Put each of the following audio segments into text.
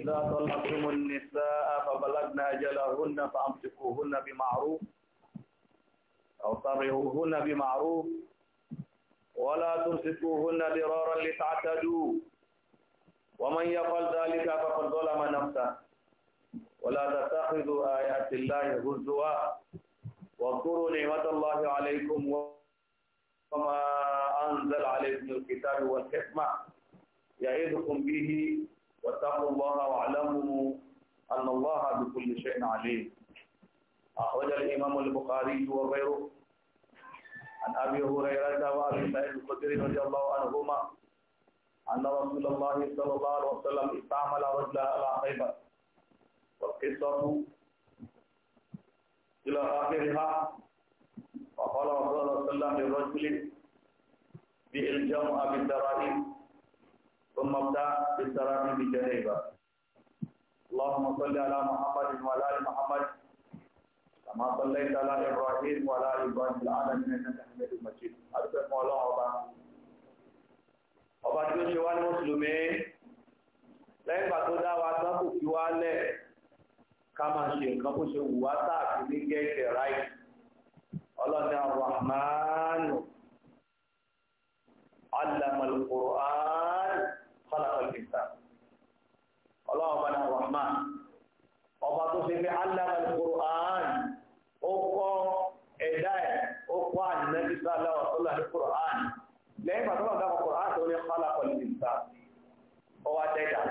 إذا طلقتم النساء فبلغن أجلهن فأمسكوهن بمعروف أو طرحوهن بمعروف ولا تمسكوهن ضرارا لتعتدوا ومن يفعل ذلك فقد ظلم نفسه ولا تتخذوا آيات الله هزوا واذكروا نعمة الله عليكم وما أنزل عليكم الكتاب والحكمة يعظكم به واتقوا الله واعلموا أن الله بكل شيء عليم أخرج الإمام البخاري وغيره عن أبي هريرة وأبي سعيد الخدري رضي الله عنهما أن رسول الله صلى الله عليه وسلم استعمل رجلا على خيبر والقصة إلى آخرها وقال رسول الله صلى الله عليه وسلم للرجل بإلجام أبي الدرائم ثم ابدأ بالسلام بجنيبة اللهم صل على محمد وعلى آل محمد كما صليت على إبراهيم وعلى آل إبراهيم في العالمين إنك حميد مجيد أرجو مولانا أبا ọba tí ó ṣe wá ní mùsùlùmí lẹ́yìn ìgbà tó dá wa tán kò fi wá lẹ̀ ká máa ṣe nǹkan bó ṣe wù wá táàkì ní gẹ́gẹ́ ráì ọlọ́ni Ar-Rahman allamal Qur'an pé allama al-Qur'an ó kọ́ ẹ̀dá ẹ̀ ó kọ́ ànábì sallallahu alaihi wasallam ní Qur'an lẹ́yìn pàtó bàbá kan Qur'an tó ní kọ́lá pọ̀lì nìta ọwọ́ àtẹ́dà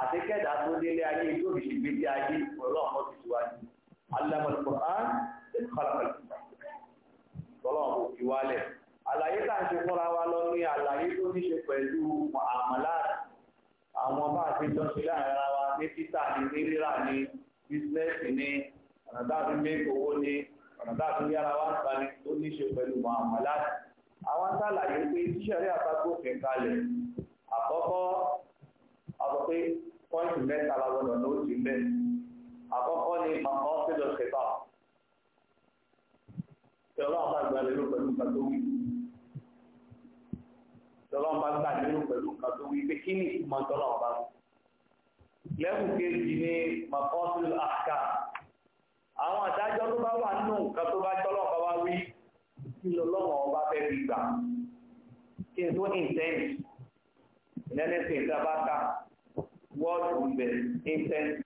àti kẹ́dà tó délé ayé yóò fi ṣègbè sí ayé ọlọ́run ti tiwájú allama al-Qur'an ní kọ́lá pọ̀lì nìta ọlọ́run kò fi wálẹ̀ bísínẹ́sì ni ọ̀nà tá a fi méèkì owó ni ọ̀nà tá a fi yára wá ta ni tó ní ṣe pẹ̀lú màmúlá àwọn sàlàyé pé tíṣẹ̀rí àbágbófin kalẹ̀ àkọ́kọ́ àwọn pé pọ́ìntì mẹ́ta làwọn ọ̀nà ó ti mẹ́ àkọ́kọ́ ni màmá ọ́fíìsì ṣẹ̀fà tọ́lọ́ bá gbà lérò pẹ̀lú nǹkan tó wí tọ́lọ́ bá gbà lérò pẹ̀lú nǹkan tó wí pé kí ni ìtumọ̀ tọ́lọ́ bá wí lẹ́kùn kejì ní maqasid al-ahkam àwọn àdájọ́ tó bá wà nínú nǹkan tó bá jọ́lọ́ bá wá wí kí lọ́lọ́wọ́ ọba fẹ́ fi gbà kí n tó intent lẹ́nìtì ìdábàkà wọ́ọ̀dù bẹ̀ intent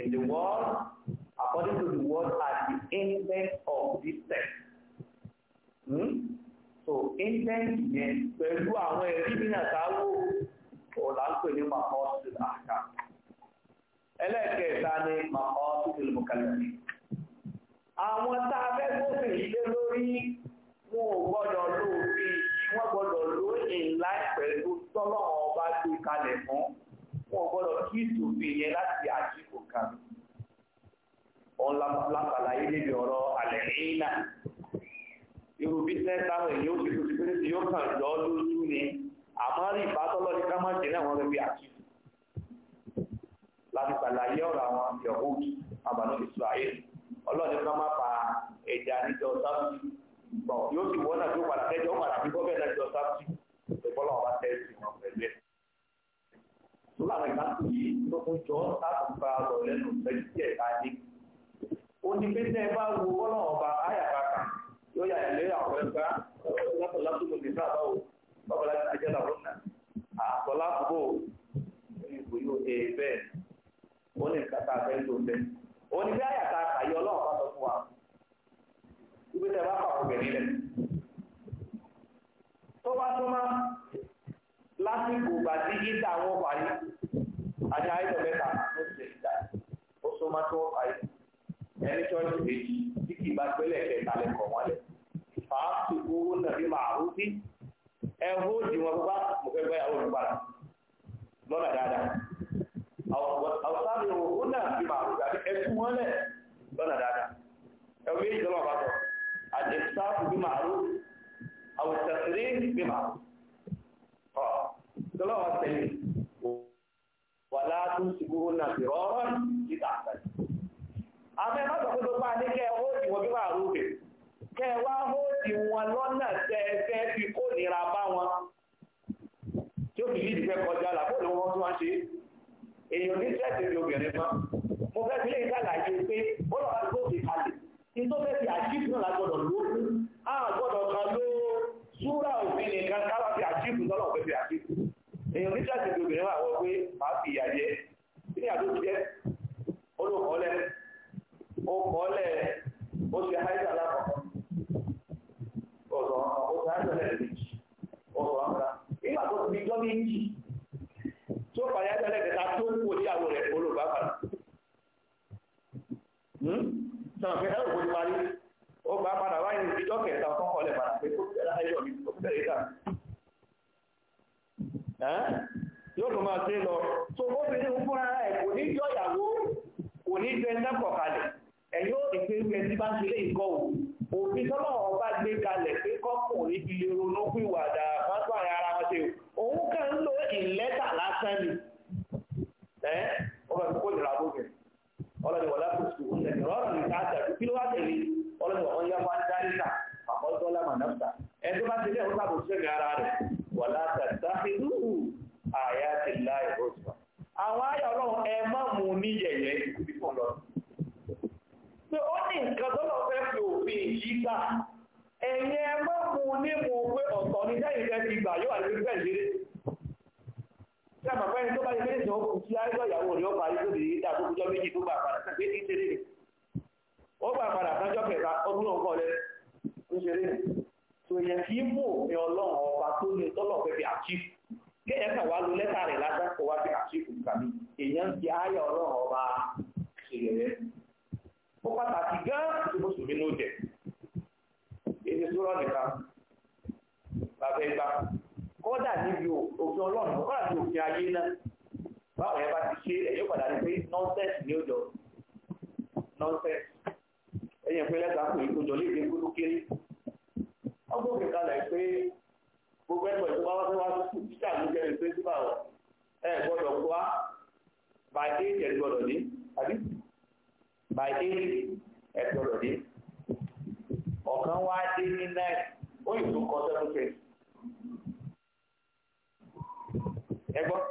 in the world according to the word at the intent of this text. Hmm? íńtẹ́ǹtì yẹn pẹ̀lú àwọn ẹ̀rí nínú àtàwọ̀ ọ̀là ní mahọ́sì àkà ẹlẹ́ẹ̀kẹta ni àwọn tá a fẹ́ gbófin ilé lórí wọn ò gbọ́dọ̀ lò wọ́n gbọ́dọ̀ pẹ̀lú ọba kalẹ̀ fún gbọ́dọ̀ kí yẹn láti àjíkò kan níbi ọ̀rọ̀ irú bísínẹ́sì táwọn èèyàn ó fi tó ti pé tí yóò kàn jọ lójú ni àmọ́ rí ìbátọ́lọ́ ní ká má jẹ́ náà wọ́n rẹ̀ bí àti láti ṣàlàyé ọ̀rọ̀ àwọn yahood àbànú Israel ọlọ́ọ̀ni ká má pa ẹ̀jẹ̀ àníjọ sáfì bọ̀ yóò sì wọ́n náà tó padà tẹ́jọ́ padà bí bọ́bẹ̀ náà jọ sáfì ìbọ́lọ̀ wa tẹ́sí wọn pẹ̀lú ẹ̀ tó láwọn ìbátú yìí tó fún jọ láti gba ọ̀rọ̀ lẹ́nu pẹ̀lú tí ẹ̀ bá dé ó ní pé tẹ́ ẹ bá wo bọ́lọ̀ ọba yóò yà ẹ̀lẹ́ àwọn ẹgbẹ́ látọ̀lá tó lò nígbà báwo báwo láti ajẹ́ làwọn náà àtọ́lá bò ìbò yóò dé bẹ́ẹ̀ ó ní nǹkan tá a fẹ́ lò bẹ́ẹ̀ ó ní bí àyàtà àyè ọlọ́run bá sọ fún wa ibi tẹ bá pàpọ̀ bẹ̀ nílẹ̀ tó bá tó má lásìkò gbàdí ìta àwọn ọkọ̀ ayé àti àyẹ̀tọ̀ mẹ́ta ló ti ṣe ó so má tó ọkọ̀ ayé ẹni tó ń ṣe méjì tí kì í bá gbélé ẹ̀kẹ́ta lẹ́kọ̀ọ́ wọn lẹ́kọ̀ọ́. fàákì owó nàbí màrú sí ẹ̀hó jì bá mo fẹ́ lọ́nà dáadáa owó ẹkú wọn lẹ̀ lọ́nà dáadáa ẹ̀hó méjì lọ́wọ́ bá sọ àti sáàkì bí màrú àwùsàkìrí bí màrú ọ̀ tọ́lọ́wọ́ tẹ̀lé wàlá tún ṣubú náà fi rọ́rọ́ àmì bí ẹ wá hó wọn lọ́nà tẹ́ẹ̀fẹ́ fi kó nira bá wọn tí ó fi ní ìdífẹ́ kọjá làbó ni wọ́n tún wá ṣe èèyàn ní sẹ́ẹ̀tì ní obìnrin mọ́ mo fẹ́ fi lè ṣàlàyé pé ó lọ́wọ́ àti bóòfì kalẹ̀ ní tó fẹ́ fi àjíìpù náà lágbọ́dọ̀ ló á gbọ́dọ̀ kan ló súrà òfin nìkan káwá fi àjíìpù tọ́lọ̀ fẹ́ fi àjíìpù èèyàn ní sẹ́ẹ̀tì ní obìnrin wà wọ́n pé màá fi ìyà jẹ kí ni àdó ọ̀rọ̀ ọ̀sán ẹ̀sẹ̀ méjì ọ̀rọ̀ ọ̀sán nígbà tó ti jọ́ méjì tó fàyà ẹ̀sẹ̀ lẹ́kẹ̀ta tó kú ìyàwó rẹ̀ olùbá kan sọ̀rọ̀ pé ẹ̀rọ kòtò parí ó gbà padà wáyé ìjọ kẹta ọkọ̀ ọlẹ̀ padà pé kó fẹ́ láyé ọ̀mí kó fẹ́ lè tà yóò tó máa ṣe lọ tó obìnrin fúnra ẹ̀ kò ní jọ ìyàwó kò kalẹ̀ pé kọ́kùnrin fi lè ronú pìwàdà gbà yóò wà ní pípẹ́ ìlérí tí a bàbá ẹni tó bá yẹ kí ẹ̀sìn ọkùnrin tí ayé lọ́yàwó rẹ̀ ọ̀pá ayé tó lè dá àkókò jọ méjì tó gbà padà tàbí ní tẹ́lẹ̀ ṣe ẹ̀yọ́ padà ní pé nonsense ni ó jọ nonsense ẹ̀yìn pé lẹ́gbàá pé ìkójọ lè dé kúrú kéré ọgbọ́n òkè kalẹ̀ pé gbogbo ẹ̀kọ́ ìjọba wá wá sí títà ló jẹ́ ní pẹ́síbà ọ̀ ẹ̀ gbọ́dọ̀ a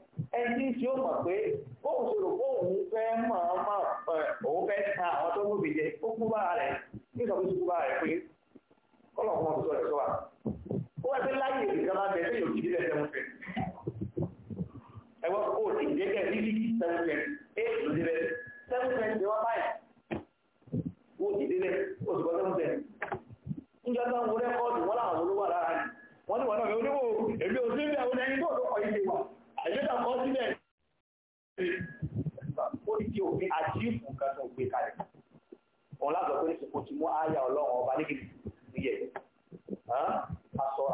ẹni tí ó mọ̀ pé bóun ṣòro bóun fẹ́ mọ̀ ọ́n mọ̀ òun fẹ́ ta àwọn tó gbòmí jẹ ó kú bá rẹ̀ ní ìsọ̀rọ̀ tó bá rẹ̀ pé kọ́lọ̀ fún ọ̀dọ́ rẹ̀ tó wà. ó wá sí láyé ìdíkan bá bẹ̀rẹ̀ yóò dìde lẹ́sẹ̀ mú fẹ́. ẹ̀wọ́n kò tí ìdẹ́kẹ̀ lílì ááyà ọlọ́run ọba ní kìlì níyẹ̀ aṣọ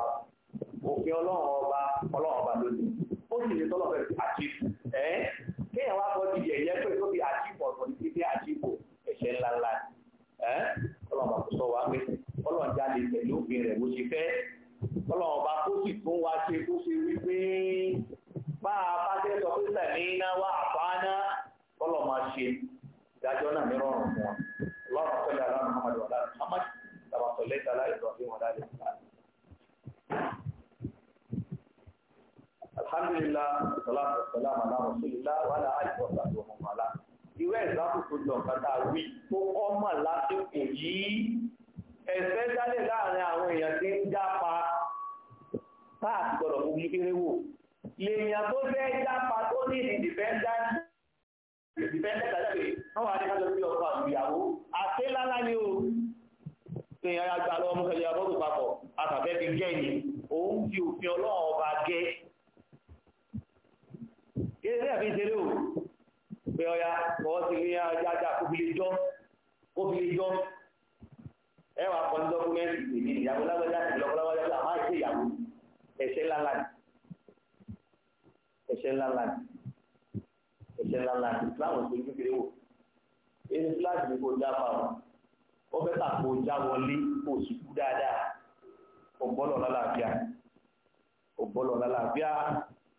òfin ọlọ́run ọba ọlọ́run ọba lónìí ó sì lè tọ́lọ̀ fẹ́ àjíìpù ẹ́ kéèyàn wá bọ́ di ẹ̀yẹ pé tó fi àjíìpù ọ̀sán ní títí àjíìpù ẹ̀ṣẹ̀ ńláńlá ẹ́ ọlọ́run ọba kò sọ wá pé ọlọ́run jáde pẹ̀lú òfin rẹ̀ bó ṣe fẹ́ ọlọ́run ọba kó sì tún wá ṣe tó ṣe wípé bá a bá tẹ́ sọ pé sẹ̀mí náà wà وسلم على رسول الله وعلى آله وصحبه ومن والاه irú ẹ̀sáàpù tó lọ kàtà wí tó kọ́ mọ̀ lásìkò yìí ẹ̀fẹ́ dálé láàrin àwọn èèyàn tí ń jápa táàtì gbọ́dọ̀ fún kékeré wò lèèyàn tó fẹ́ jápa tó ní ìdìbẹ́ńdẹ́ńdẹ́ àjáde wọ́n wà ní kájọ sí ọkọ̀ ìyàwó àti lálá ni o èèyàn àgbà lọ́wọ́ mú kẹjọ abọ́dù papọ̀ àtàbẹ́ fi gẹ́yìn òun fi òfin ọlọ́run ọba tẹ́yà fi ń ṣeré o pé ọya kọ́ sí ní ajájá kó fi lè jọ́ ẹ wà kọ́ ní dọ́kúmẹ́ntì ìdí ìyàwó lágbájá ìlọ́kọ́láwájá bí àmá ìṣe ìyàwó ẹ̀ṣẹ̀ ńláńlá ni ẹ̀ṣẹ̀ ńláńlá ni ẹ̀ṣẹ̀ ńláńlá ni láwọn ìṣòro kékeré wò ẹni fúláàtì kò já pa ọ ó fẹ́ tà kó já wọlé kó sùkú dáadáa ò lálàáfíà ò lálàáfíà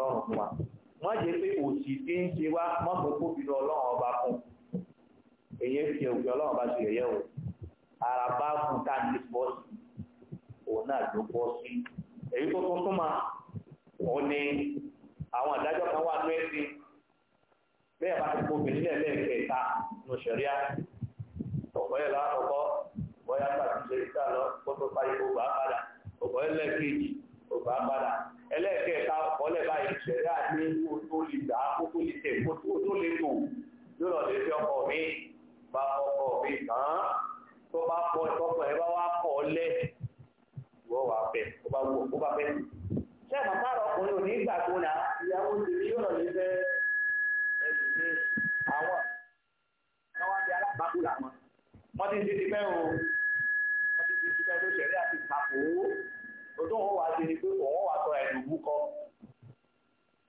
rọrùn fún wa má jẹ́ pé òsì tí ń ṣe wá má kó kó fi lọ ọlọ́run ọba fún èyí fi òkè ọlọ́run ọba ṣe yẹ̀yẹ́ o ara bá fún táǹkì bọ́ọ̀sì òun náà ló bọ́ sí èyí tó tún súnmọ́ òun ni àwọn àdájọ́ kan wà ní ẹ̀sìn bẹ́ẹ̀ bá ti kóbi nílẹ̀ lẹ́ẹ̀kẹta nù sẹ̀ríà ọ̀pọ̀ yẹn lákọ̀ọ́kọ́ bọ́yá pàtúnṣe ìta lọ kó tó parí gbogbo àpàdà ọ̀pọ̀ yẹn àkọọ́lẹ̀ báyìí ṣẹ̀dá ní kó tó lè gbà kó tó lè tẹ̀ kó tó lè tò yóò lọ lè fi ọkọ mi bá ọkọ mi tán tó bá pọ̀ tọkọ ẹ bá wá kọ̀ lẹ̀ wọ́n wà bẹ̀ ó bá wù ó bá bẹ̀. ṣé ẹ̀ bàbá ọkùnrin ò ní tó nà ìyàwó ti ní yóò lè fẹ́ ẹ̀sìn ní àwọn àwọn àti alábàákù làwọn wọ́n ti ti ti fẹ́ o wọ́n ti ti ti fẹ́ ló ṣẹ̀rí àti ìtàkùn owó òtún wọn wà á ti ní pé òun wà sọ ẹ̀dùn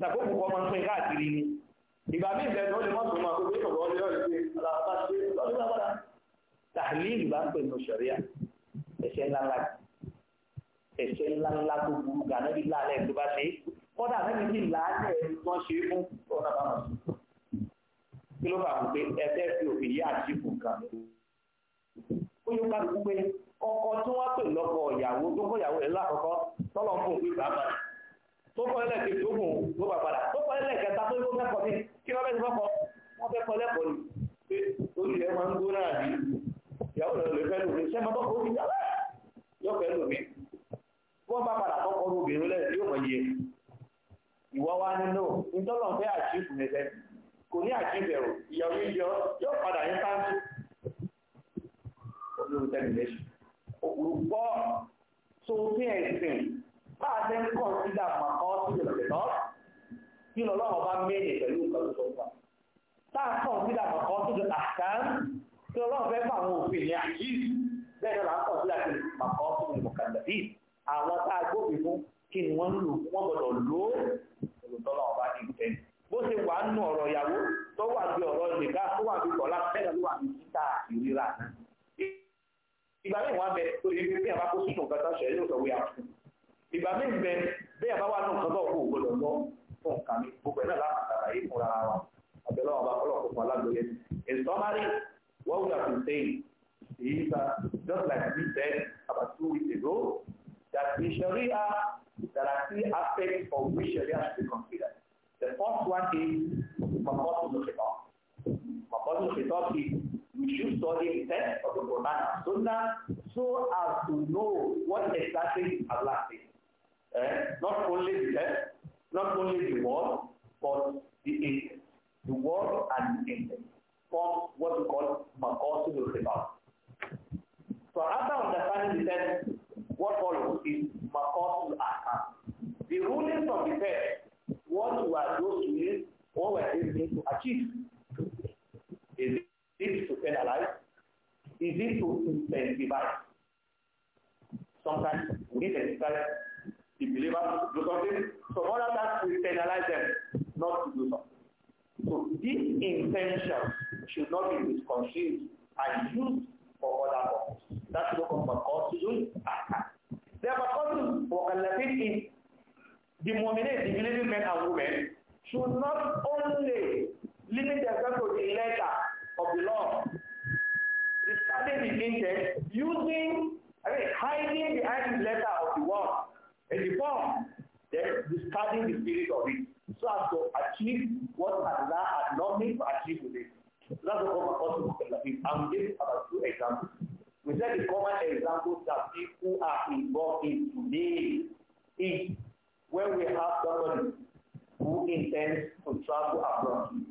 ṣàkókò kọ́ máa ń pín káàkiri ni ìgbà míì bẹ̀rẹ̀ wọ́n lè mọ́ tòun máa tó gbé ọ̀rọ̀ ọ̀rẹ́ ọ̀rẹ́ pé alábàbá ṣe lọ́dún lábàdà tàlíìlì bá ń pè ní ṣẹ̀ríà ẹ̀ṣẹ̀ ńláńlá ẹ̀ṣẹ̀ ńláńlá tó burú gan náà bí lálẹ́ tó bá ṣe kọ́dà náà ní làálẹ̀ tó ṣe é fún ọ̀nà bá wọn. kí ló fà wọ́n pé ẹgbẹ́ fi òfin yé àtìkù kan ó yóò ká dùkú pé ọkọ tí wọ́n pè lọ́kọ ìyàwó tó kọ ìyàwó rẹ̀ lákọ̀ọ́kọ́ tọ́lọ́ fún òfin bàbá rẹ̀ tó kọ́ ẹlẹ́kẹ̀ tó gùn ló bà padà tó kọ́ ẹlẹ́kẹ̀ ta tó ń gbọ́n kọ́ ní kí wọ́n fẹ́ ti fọ́kọ́ wọ́n fẹ́ kọ́ lẹ́kọ̀ọ́ ni pé orí ẹ̀ máa ń gbó náà bí ìyàwó rẹ̀ lè fẹ́ lù mí sẹ́mọ́ tó kọ́ ó ti yá yọ fẹ́ lù mí wọ́n bá padà kọ́kọ́ ní obìnrin lẹ́sìn yóò mọ̀ yẹ ìwọ́ wa nínú ìtọ́lọ̀ fẹ́ àjíìfù nìfẹ́ kò ní àjíìfù ẹ̀rọ ìyàwó yíyọ yóò padà yín sáńtì olórí tẹ́lifíṣàn òkùrù tó fẹ́ ẹ̀sìn bá a ṣe ń kọ̀ sí dàgbà ọ́ sí ìrọ̀lẹ́ lọ kí lọ lọ́wọ́ bá mẹ́rin pẹ̀lú nǹkan tó sọ̀rọ̀ tá a kọ̀ sí dàgbà ọ́ sí àkàn kí ọlọ́run fẹ́ fà àwọn òfin ní àyè bẹ́ẹ̀ náà là ń kọ̀ sí dàgbà àkọ́ sí ìmọ̀kàndà yìí àwọn tá a gbóbi fún kí ni wọ́n lò wọ́n gbọ́dọ̀ lò ó olùtọ́lọ́ ọba ní ìtẹ́ bó ṣe tó wà bí ọ̀rọ̀ ìgbà tó wà bí kọ̀ọ̀lá tẹ́lẹ̀ yóò sọ wí àfún ìgbà mí bẹ́ẹ̀ bá wà ní nǹkan tó gbọdọ̀ lọ fún nǹkan mi gbogbo ẹ̀ náà láwọn àtàrà yìí fúnra wa àbẹ̀lọ́ ọba ọlọ́kùn fún alágbèrè in summary what we have been saying is that just like we said about two weeks ago that in Sharia Not only the death, not only the world, but the angels. The world and the angels form what we call Makosu Ribar. So after understanding the text, what follows is Makosu Ahkam. The ruling from the text, what we are supposed to is, what we are supposed to achieve. Is it to penalize? Is it to intensify? Sometimes we need to the believer to do something. Some other tasks will penalize them not to do something. So these intentions should not be misconceived and used for other purposes. That's what comes from constitution. Therefore, constitution for calculating the nominate the believing men and women should not only limit themselves to the letter of the law, discarding the intent, using, I mean, hiding behind the letter of the word in the form, then discarding the spirit of it, so as to achieve what Allah had not made to achieve with it. So that's the common concept of Salafism. And we about two examples. We said the common examples that people are involved in today is when we have somebody who intends to travel abroad and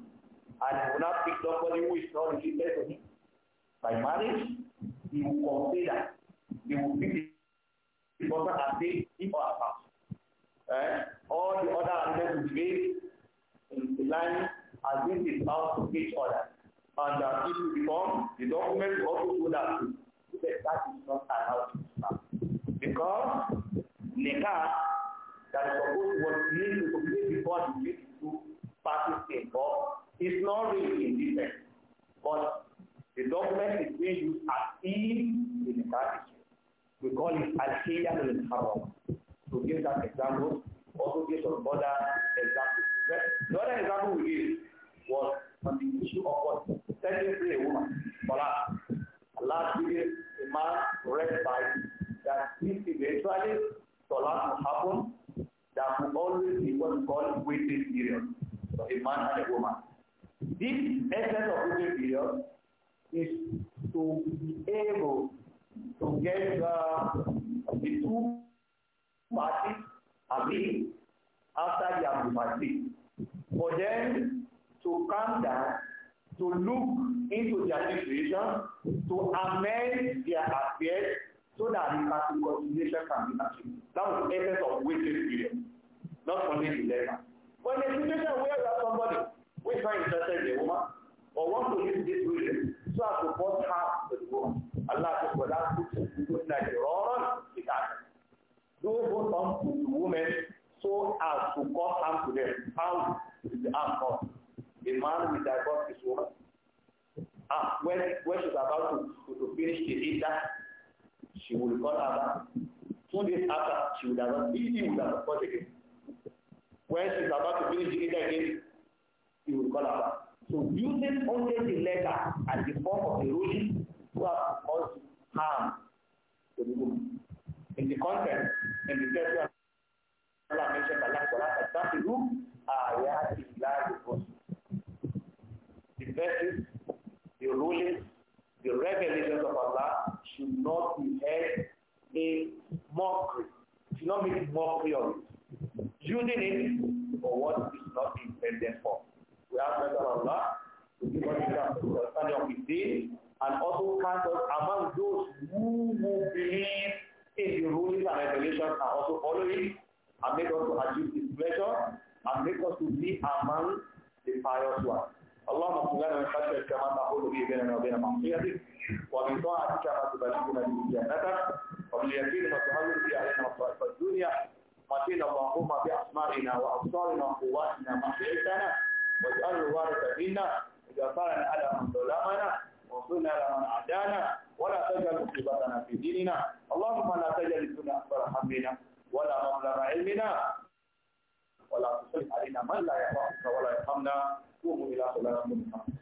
will not pick somebody who is not related to him by marriage, he will consider, he will be Because I say if or apart. Eh? All the other aspects will be in line as this is out to each other. And that it will become the document will also do that too. That is not allowed Because NECA that is supposed was made to complete before the three two parties involved is not really independent. But the document is being used as if the NECA is We call it Al-Hiyam al-Haram. To give that example, also give some other examples. The other example we gave was on the issue of what? Setting free a woman. For us, uh, Allah gave a man red by that this eventually Salah will happen, that will always be what we call waiting period. So a man and a woman. This essence of waiting period is to be able to get uh, the two parties agree after they have departed. For them to come down, to look into their situation, to amend their affairs so that the reconciliation can be achieved. That was the essence of waiting period, not only the letter. But in a situation where you have somebody who is not interested in a woman or wants to use this woman so as to force her Allah says, وَلَا تُسْلِهُنَّ جِرَارًا Don't go to women so as to cause harm to them. How is the harm caused? A man will divorce his woman. Ah, when, when she's about to, to, to finish the dinner, she will call her back. Two days after, she will have not been with her support again. When she's about to finish the dinner again, he will call her back. So using only the letter as the form of erosion to harm to the woman. In the context, in the text, Allah mentioned Allah for us, example, بيدك ومن طاعتك ما تبلغنا به جنتك ومن اليقين ما تهون به علينا مصائب الدنيا متينا اللهم باسمائنا وابصارنا وقواتنا ما شئتنا واجعل الوارث منا وجعلنا على من ظلمنا وانصرنا على من عادانا ولا تجعل مصيبتنا في ديننا اللهم لا تجعل الدنيا اكبر همنا ولا مبلغ علمنا ولا تصلح علينا من لا يخافك ولا يرحمنا قوموا الى صلاتكم